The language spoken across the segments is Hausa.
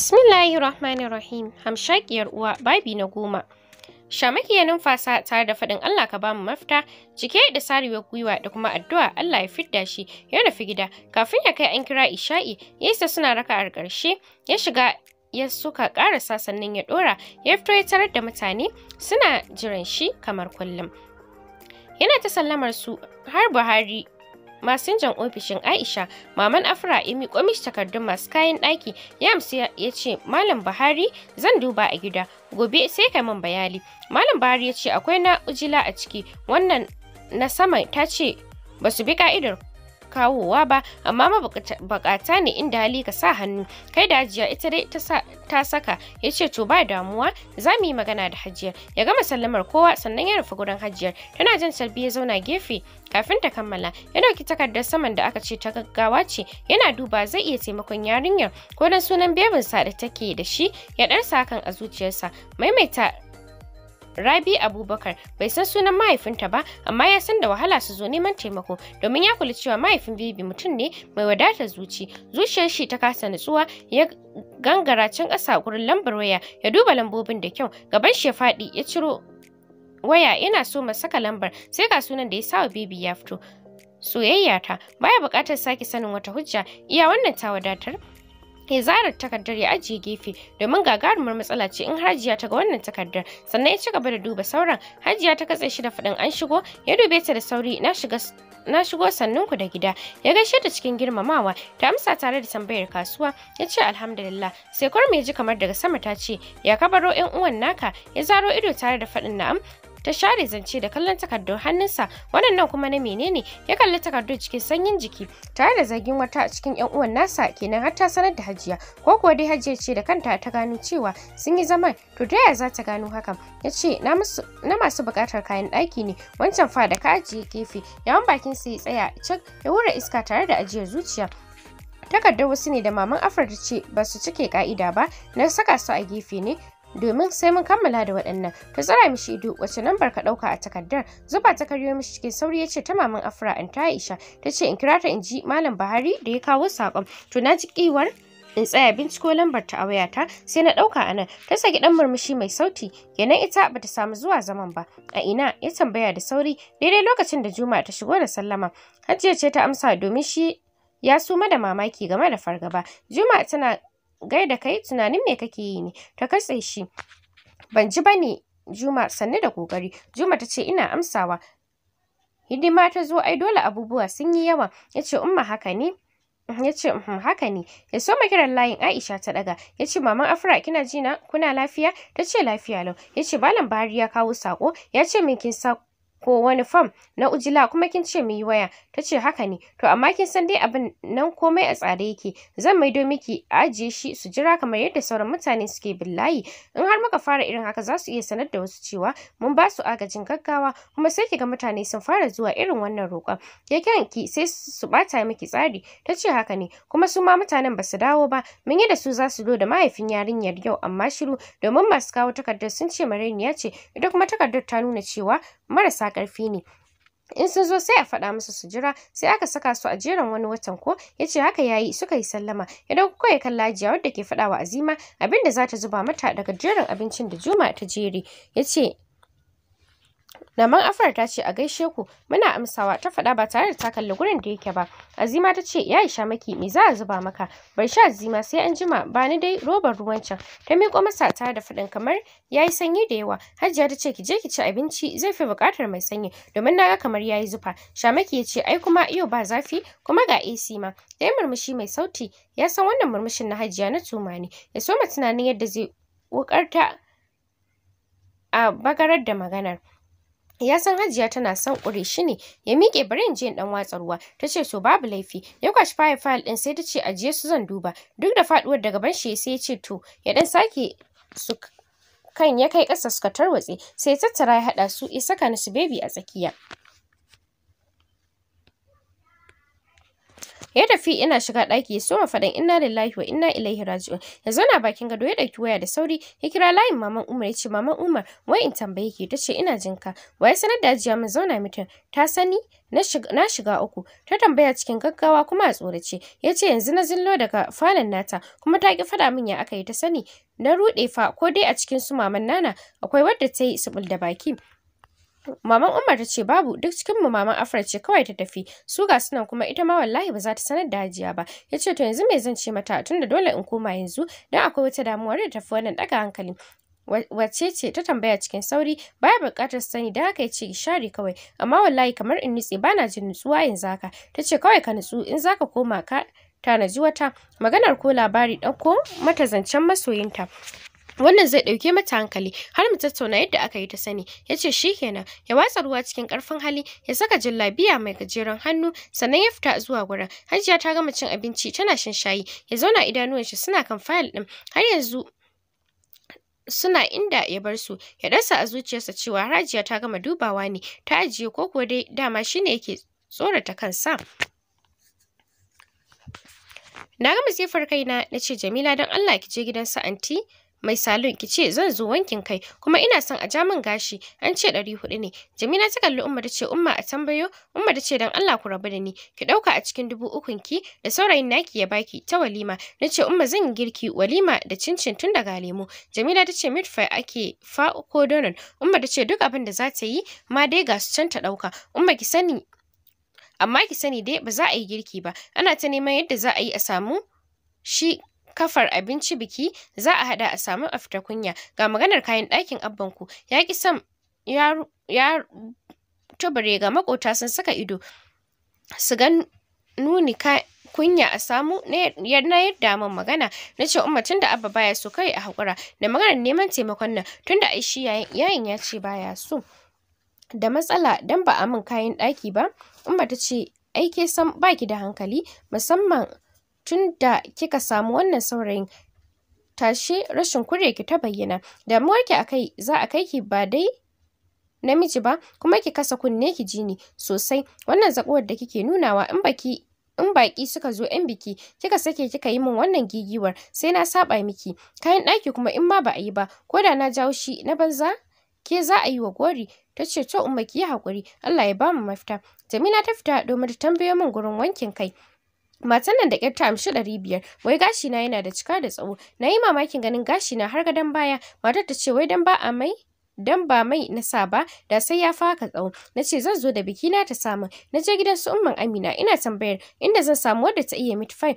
Bismillahirrahmanirrahim. Hamshakiyar uwa babi na goma. shamakiya numfasa tare da faɗin Allah ka bamu mafita, cike da sarewar gwiwa da kuma addu'a Allah ya fidda shi ya nufi gida. Kafin ya kai an kira Isha'i, yasa suna raka a ƙarshe, ya shiga ya suka karasa sannan ya ɗora, ya fito ya tarar da mutane suna jiran shi kamar kullum. Yana ta sallamar su har Buhari masinjan ofishin Aisha Maman Afra imi miƙo takardun masu kayan ɗaki ya amsa ya ce Malam Buhari zan duba a gida gobe sai kai min bayani Malam Buhari ya ce akwai na ujila a ciki wannan na sama ta ce ba su bi ka'idar kawowa ba amma mabukata ne inda hali ka sa hannu kai da hajiya ita dai ta saka ya ce to ba damuwa za mu yi magana da hajiyar ya gama sallamar kowa sannan ya rufe gurin hajiyar tana jan salbi ya zauna gefe kafin ta kammala ya dauki takardar saman da aka ce ta gaggawa ce yana duba zai iya taimakon yarinyar ko dan sunan bebin sa da take da shi ya sa hakan a zuciyarsa maimaita Rabi Abubakar bai san sunan mahaifinta ba amma ya san da wahala su zo neman taimako domin ya kula cewa mahaifin Bibi mutum ne mai wadatar zuci. Zuciyar shi ta kasa nutsuwa ya gangara can ƙasa gurin lambar waya ya duba lambobin da kyau gaban shi ya faɗi ya ciro waya yana so ma saka lambar sai ga sunan da ya sawa Bibi ya fito. Soyayya ta baya buƙatar sake sanin wata hujja iya wannan ta wadatar ya zarar takardar ya ajiye gefe domin gagarumar matsala ce in hajiya ta ga wannan takardar sannan ya ci gaba da duba sauran hajiya ta katse shi da faɗin an shigo ya dube ta da sauri na shiga na shigo sannunku da gida ya gaishe ta cikin girmamawa ta amsa tare da tambayar kasuwa ya ce alhamdulillah sai kurmi ya ji kamar daga sama ta ce ya kabaro yan uwan naka ya zaro ido tare da faɗin na'am ta share zance da kallon takardun hannunsa waɗannan kuma na menene ya kalli takardun cikin sanyin jiki tare da zagin wata cikin yan uwan nasa kenan har ta sanar da hajiya ko kuwa dai hajiya ce da kanta ta gano cewa sun yi zaman to da ya za ta gano hakan ya ce na masu buƙatar kayan ɗaki ne wancan fa da ka ajiye gefe yawan bakin sa ya tsaya cak ya wura iska tare da ajiyar zuciya takardar wasu ne da maman afirka ce ba su cike ka'ida ba na saka su a gefe ne domin sai mun kammala da waɗannan ka tsara mishi ido wacce lambar ka ɗauka a takardar zuba ta mishi cikin sauri ya ce ta maman afra an ta aisha ta ce in kira ta in ji malam bahari da ya kawo saƙon to na ji kiwar in tsaya binciko lambar ta a wayata sai na ɗauka anan ta saki ɗan murmushi mai sauti kenan ita bata samu zuwa zaman ba a ina ya tambaya da sauri daidai lokacin da juma'a ta shigo da sallama hajiya ce ta amsa domin shi ya suma da mamaki game da fargaba juma'a tana gai da kai tunanin me kake yi ne ta katse shi ban ji ba ne Juma sannu da kokari Juma ta ce ina amsawa hidima ta zo ai dole abubuwa sun yi yawa ya ce umma haka ne ya ce haka ne ya so kiran layin aisha ta daga ya ce maman afra kina jina kuna lafiya ta ce lafiya lau ya ce balan bahari ya kawo sako ya ce min kin sako ko wani fam na ujila kuma kin ce mu yi waya ta ce haka ne to amma kin san dai abin nan komai a tsare yake zan mai do miki a ajiye shi su jira kamar yadda sauran mutane suke billahi in har muka fara irin haka za su iya sanar da wasu cewa mun ba su agajin gaggawa kuma sai ki ga mutane sun fara zuwa irin wannan roƙon ya kiran ki sai su bata miki tsari ta ce haka ne kuma su ma mutanen ba su dawo ba mun yi da su za su zo da mahaifin yarinyar yau amma shiru domin masu kawo takardar sun ce marainiya ce ita kuma takardar ta nuna cewa marasa ƙarfi ne in sun zo sai a faɗa masa su jira sai aka saka su a jeran wani watan ko ya ce haka yayi suka yi sallama idan kuka ya kalla jiya wadda ke faɗawa azima abin da za ta zuba mata daga jerin abincin da juma ta jere ya ce Naman Afar ta ce a gaishe ku muna amsawa ta faɗa ba tare da ta kalli gurin da yake ba. Azima ta ce ya isha maki me za a zuba maka? Bai sha Azima sai an jima ba ni dai robar ruwan can. Ta miƙo masa tare da faɗin kamar ya yi sanyi da yawa. Hajiya ta ce ki je ki ci abinci zai fi buƙatar mai sanyi domin naga kamar ya yi zufa. Shamaki ya ce ai kuma yau ba zafi kuma ga AC ma. Sai murmushi mai sauti ya san wannan murmushin na Hajiya na tuma ne. Ya soma tunanin yadda zai wukarta a bagarar da maganar. ya san hajiya tana son ƙure shi ne ya miƙe bari in in ɗan watsa ruwa ta ce to babu laifi ya kwashi fayil fayil ɗin sai ta ce ajiye su zan duba duk da faɗuwar daga ban shi sai ya ce to ya ɗan sake su kan ya kai ƙasa suka tarwatse sai tattara ya haɗa su ya saka nasu bebi a tsakiya ya tafi ina shiga ɗaki ya soma faɗin inna lillahi wa inna ilaihi raji'un ya zauna bakin gado ya ɗauki waya da sauri ya kira layin maman umar ya ce maman umar wai in tambaye ki ta ce ina jinka ya sanar da ajiya mun zauna mutum ta sani na shiga uku ta tambaya cikin gaggawa kuma a tsorace ya ce yanzu na zillo daga falon nata kuma ta ki faɗa min ya aka yi ta sani na ruɗe fa ko dai a cikin su maman nana akwai wadda ta yi subul da baki Maman Umar ta ce babu duk cikin mu maman Afra ce kawai ta tafi su ga sunan kuma ita ma wallahi ba za ta sanar da Hajiya ba ya ce to yanzu me zan ce mata tunda dole in koma yanzu dan akwai wata damuwar da tafi wannan daga hankali wace ce ta tambaya cikin sauri baya buƙatar sani da haka ya ce share kawai amma wallahi kamar in nutse bana jin nutsuwa yanzu haka ta ce kawai ka nutsu in zaka koma ka tanaji wata maganar ko labari ɗauko mata zancen masoyinta wannan zai ɗauke mata hankali har mu tattauna yadda aka yi ta sani ya ce shi kenan ya watsa ruwa cikin karfin hali ya saka jallabiya mai gajeren hannu sannan ya fita zuwa gurin hajiya ta gama cin abinci tana shan shayi ya zauna idanuwan shi suna kan fayil ɗin har yanzu suna inda ya bar su ya dasa a zuciyarsa cewa hajiya ta gama dubawa ne ta ajiye ko kuwa dai dama shine yake tsorata kansa na gama sifar kaina na ce jamila don allah ki je gidan su anti mai salon ki ce zan zo wankin kai kuma ina son a ja min gashi an ce ɗari hudu ne jamila ta kalli umma ta ce umma a tambayo umma ta ce dan allah ku rabu da ni ki ɗauka a cikin dubu ukun ki da saurayin naki ya baki ta walima na ce umma zan yi girki walima da cincin tun daga lemu jamila ta ce midfai ake fa ko donon umma ta ce duk abin da za ta yi ma dai ga su can ta ɗauka umma ki sani amma ki sani dai ba za a yi girki ba ana ta neman yadda za a yi a samu shi kafar abinci biki za a hada a samu a kunya ga maganar kayan ɗakin abbanku ya ki sam ya ya ga makota sun saka ido su ga nuni ka kunya a samu na yadda min magana na ce umma tunda abba baya so kai a hakura da maganar neman taimakon nan tunda ai shi yayin ya ce baya so da matsala dan ba a min kayan ɗaki ba umma ta ce aike san baki da hankali musamman tun da kika samu wannan saurayin tashi rashin ki ta bayyana damuwarki a kai za a kai ki ba dai namiji ba kuma ki kasa kunne ki ji ni sosai wannan zakuwar da kike nunawa in baki in baki suka zo yan biki kika sake kika yi min wannan gigiwar sai na saba miki kayan ɗaki kuma in ma ba a yi ba ko da na jawo shi na banza ke za a yi wa gori ta ce to ba ki yi haƙuri Allah ya bamu mafita Jamila ta fita domin ta tambayo min gurin wankin kai Matan nan da ƙyar ta amshi ɗari biyar, wai gashi na yana da cika da tsawo, na yi mamakin ganin gashi na har gadon baya, matar ta ce wai dan ba a mai dan ba mai na sa ba da sai ya fa faka tsawo na ce zan zo da biki na ta samu na je gidan su umman amina ina tambayar inda zan samu wadda ta iya mitfai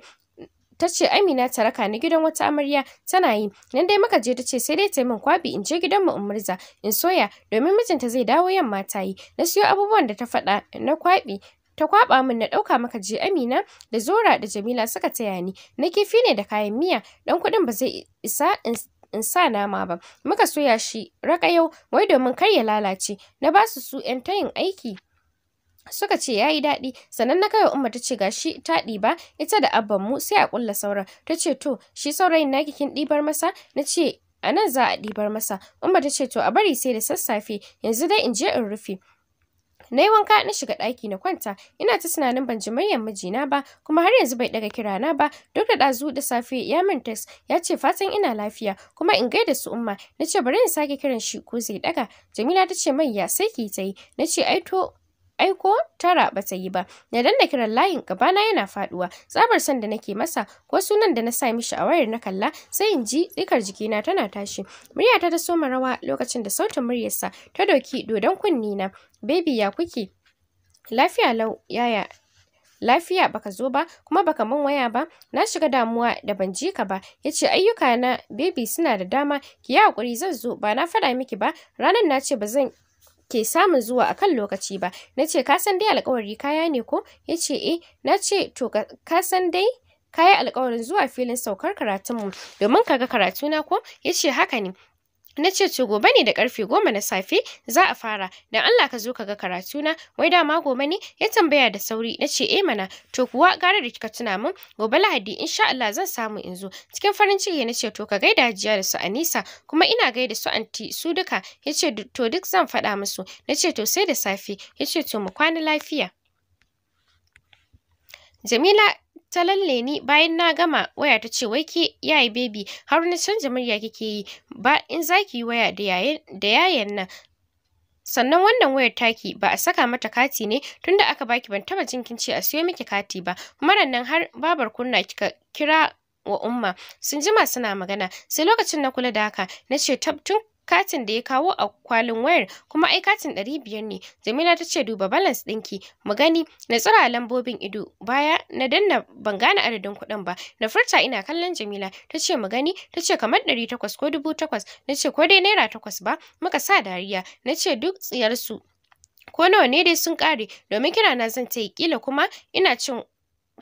ta ce amina ta raka ni gidan wata amarya tana yi nan dai muka je ta ce sai dai ta yi min kwabi in je gidan mu in murza in soya domin mijinta zai dawo yamma ta yi na siyo abubuwan da ta faɗa na kwabi ta kwaba min na dauka maka je Amina da Zora da Jamila suka taya ni na kifi ne da kayan miya dan kudin ba zai isa in sa nama ba muka soya shi raƙayau wai domin kar ya lalace na ba su su 'yan tayin aiki suka ce yayi yi daɗi sannan na kai umma ta ce gashi ta ɗiba ita da abban mu sai a ƙulla saura, ta ce to shi saurayin naki kin ɗibar masa na ce a nan za a ɗibar masa umma ta ce to a bari sai da sassafe yanzu dai in je in rufe na yi wanka na shiga ɗaki na kwanta ina ta tunanin ban ji muryar mijina ba kuma har yanzu bai ɗaga kirana ba duk da ɗazu da safe ya min text ya ce fatan ina lafiya kuma in gaida su umma na ce bari in sake kiran shi ko zai ɗaga jamila ta ce mai ya sai ki ta yi na ce ai to ai ko tara ba ta yi ba na danna kiran layin gabana yana faduwa tsabar san da nake masa ko sunan da na sa mishi a wayar na kalla sai in ji tsikar jikina tana tashi murya ta soma rawa lokacin da sautin muryarsa ta doki dodon kunni na baby ya kuke lafiya lau yaya lafiya baka zo ba kuma baka min waya ba na shiga damuwa da ban ji ka ba yace ayyuka na baby suna da dama ki yi hakuri zan zo ba na faɗa miki ba ranan na ce ba zan ke samun zuwa akan lokaci ba na ce ka san dai alƙawari kaya ne ko ya ce eh na ce to ka san dai kayi alƙawarin zuwa filin saukar karatunmu domin kaga karatuna ko ya ce haka ne na ce to gobe ne da karfe goma na safe za a fara dan Allah ka zo ka ga karatu na wai dama gobe ne ya tambaya da sauri na ce eh mana to kuwa gara da kika tuna min gobe Lahadi insha Allah zan samu in zo cikin farin ciki na ce to ka gaida jiya da su Anisa kuma ina gaida su anti su duka ya ce to duk zan faɗa musu na ce to sai da safe ya ce to mu kwana lafiya Jamila ta leni bayan na gama waya ta ce wai ke yayi baby har na canza murya kike yi ba in zaki yi waya da yayin da yayan nan sannan wannan wayar taki ba a saka mata kati ne tunda aka baki ban taba jin kin ce a siyo miki kati ba kuma nan har babar kunna kika kira wa umma sun jima suna magana sai lokacin na kula da haka na ce tab katin da ya kawo a kwalin wayar kuma ai katin ɗari biyar ne jamila ta ce duba balans ɗinki mu gani na tsira lambobin ido baya na danna ban gane adadin kuɗin ba na furta ina kallon jamila ta ce mu gani ta ce kamar ɗari takwas ko dubu takwas na ce ko dai naira takwas ba muka sa dariya na ce duk tsiyarsu ko nawa ne dai sun kare? domin kirana na zan ta yi kila kuma ina cin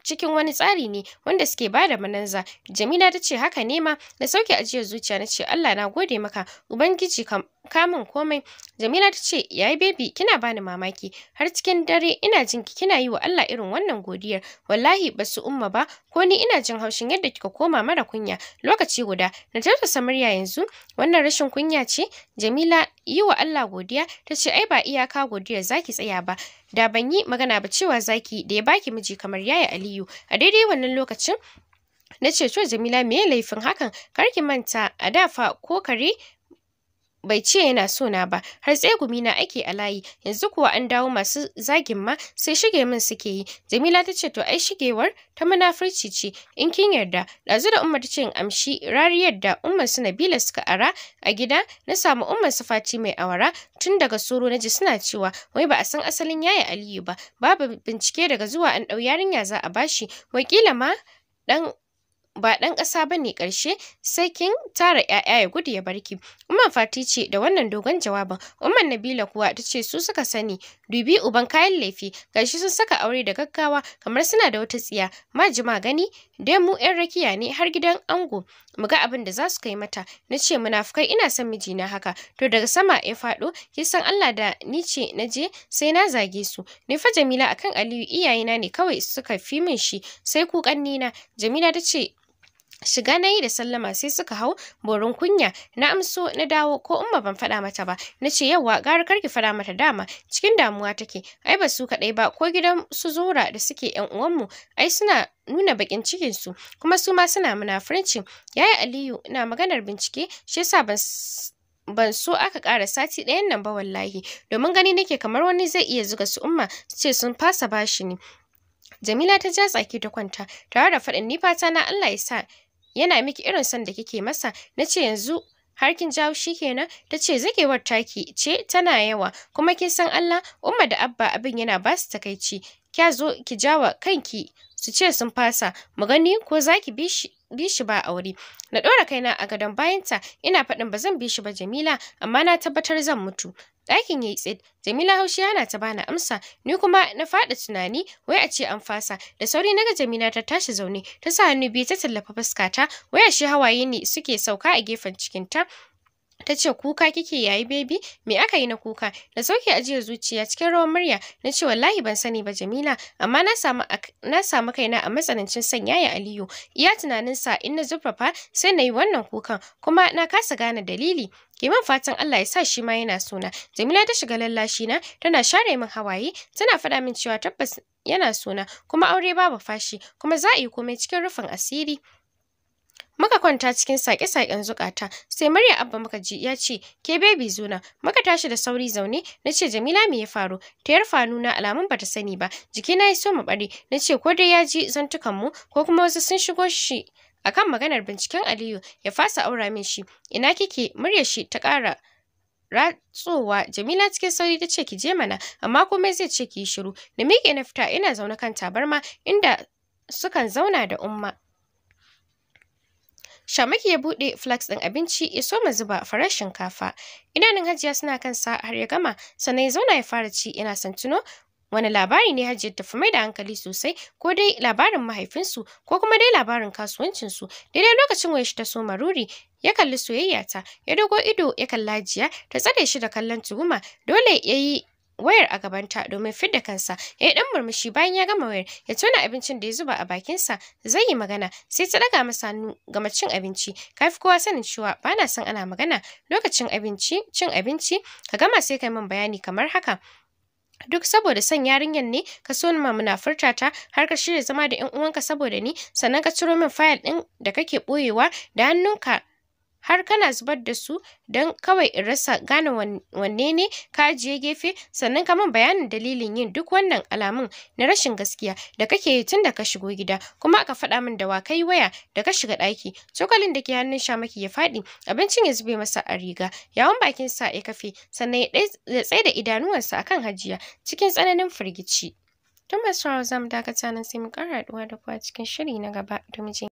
cikin wani tsari ne wanda suke bada mananza jamila ta ce haka ne ma na sauke ajiyar zuciya na ce allah na gode maka ubangiji kam kamun komai jamila ta ce yayi baby kina bani mamaki har cikin dare ina jin ki kina yi wa Allah irin wannan godiyar wallahi ba su umma ba ko ni ina jin haushin yadda kika koma mara kunya lokaci guda na tarta samarya yanzu wannan rashin kunya ce jamila yi wa Allah godiya ta ce ai ba iyaka godiyar zaki tsaya ba da ban yi magana ba cewa zaki da ya baki miji kamar yaya Aliyu a daidai wannan lokacin na ce to Jamila me laifin hakan kar ki manta a dafa fa ko kare bai ce yana so na ba har tsegumi na ake a layi yanzu kuwa an dawo masu zagin ma sai shige min suke yi jamila ta ce to ai shigewar ta munafurci ce in kin yarda dazu da umma ta ce amshi rariyar da ummar su nabila suka ara a gida na samu umar su faci mai awara tun daga soro na ji suna cewa wai ba a san asalin yaya aliyu ba babu bincike daga zuwa an ɗau yarinya za a bashi wakila ma dan ba ɗan ƙasa ba ne ƙarshe sai kin tara ‘ya'ya ya gudu ya barki. Umar Fati ce da wannan dogon jawabin. Umar Nabila kuwa ta ce su suka sani. Dubi uban kayan laifi gashi sun saka aure da gaggawa kamar suna da wata tsiya. Ma jima gani dai mu yan rakiya ne har gidan ango mu ga abin da za su kai mata na ce munafukai ina son mijina haka to daga sama ya faɗo ki san Allah da ni ce na je sai na zage su ni fa Jamila akan Aliyu iyayena ne kawai suka fi min shi sai kukan nina Jamila ta ce shiga na yi da sallama sai suka hau borin kunya na amso na dawo ko umma ban faɗa mata ba na ce yawwa gara karki faɗa mata dama cikin damuwa take ai ba su kaɗai ba ko gidan su zora da suke yan uwanmu ai suna nuna bakin cikin su kuma su ma suna furinci yayi aliyu ina maganar bincike shi yasa ban ban so aka ƙara sati ɗayan nan ba wallahi domin gani nake kamar wani zai iya zuga su umma su ce sun fasa bashi ne Jamila ta ja tsaki ta kwanta tare da faɗin ni fata na Allah ya sa yana miki irin son da kike masa na ce yanzu har kin jawo shi kenan ta ce zagewar taki ce tana yawa kuma kin san Allah umma da abba abin yana ba su takaici kya zo ki jawa kanki su ce sun fasa mu gani ko za ki bi shi bi shi ba aure na ɗora kaina a gadon bayanta ina faɗin ba zan bi shi ba jamila amma na tabbatar zan mutu ɗakin yayi tsit jamila haushi yana ta bani amsa ni kuma na faɗi tunani wai a ce an fasa da sauri naga jamila ta tashi zaune ta sa hannu biyu ta tallafa fuskata wai a shi hawaye ne suke sauka a gefen cikin ta. ta ce kuka kike yayi baby me aka yi na kuka na sauke ajiyar zuciya cikin rawar murya na ce wallahi ban sani ba jamila amma na samu na kaina a matsanancin sanya ya aliyu iya tunanin sa in na zurfafa sai na yi wannan kukan kuma na kasa gane dalili ke man fatan Allah ya sa shi ma yana suna jamila ta shiga lallashi na tana share min hawaye tana faɗa min cewa tabbas yana suna kuma aure babu fashi kuma za a yi komai cikin rufin asiri Muka kwanta cikin sake saƙen zukata, sai murya Abba muka ji ya ce, "Ke bebi zuna." Muka tashi da sauri zaune, na ce, "Jamila me ya faru?" Ta yarfa nuna alamun bata sani ba. jiki na ya so mu bare, na ce, "Ko dai ya ji zantukanmu ko kuma wasu sun shigo shi akan maganar binciken Aliyu ya fasa aura min shi." Ina kike? murya shi ta kara ratsowa Jamila cikin sauri ta ce ki je mana amma komai zai ce ki yi shiru na miƙe na fita ina zaune kan tabarma inda sukan zauna da umma Shamaki ya buɗe flax ɗin abinci ya soma zuba farar shinkafa. Idanun Hajiya suna kan sa har ya gama sannan ya zauna ya fara ci yana son tuno wani labari ne Hajiya ta fi mai da hankali sosai ko dai labarin mahaifinsu ko kuma dai labarin kasuwancinsu. Daidai lokacin wayar shi ta soma ruri ya kalli soyayya ta ya dogo ido ya kalla Hajiya ta tsare shi da kallon tuhuma dole ya yi wayar a gabanta domin fidda kansa ya yi dan murmushi bayan ya gama wayar ya tona abincin da ya zuba a bakinsa zai yi magana sai ta daga masa hannu gama cin abinci ka fi kowa sanin cewa ba na son ana magana lokacin abinci cin abinci ka gama sai ka yi min bayani kamar haka duk saboda son yarinyar ne ka so ma muna furta ta har ka shirya zama da yan uwanka saboda ni sannan ka ciro min fayil din da kake ɓoyewa da hannunka har kana zubar da su don kawai in rasa gane wanne ne ka ajiye gefe sannan kamar bayanin dalilin yin duk wannan alamun na rashin gaskiya da kake yi tun da ka shigo gida kuma aka faɗa min da wa kai waya da ka shiga ɗaki cokalin da ke hannun sha maki ya faɗi abincin ya zube masa a riga yawon bakin sa ya kafe sannan ya tsai da idanuwansa akan hajiya cikin tsananin firgici. Tun masu rawar zamu dakata nan sai mu ƙara haɗuwa da kuwa cikin shiri na gaba domin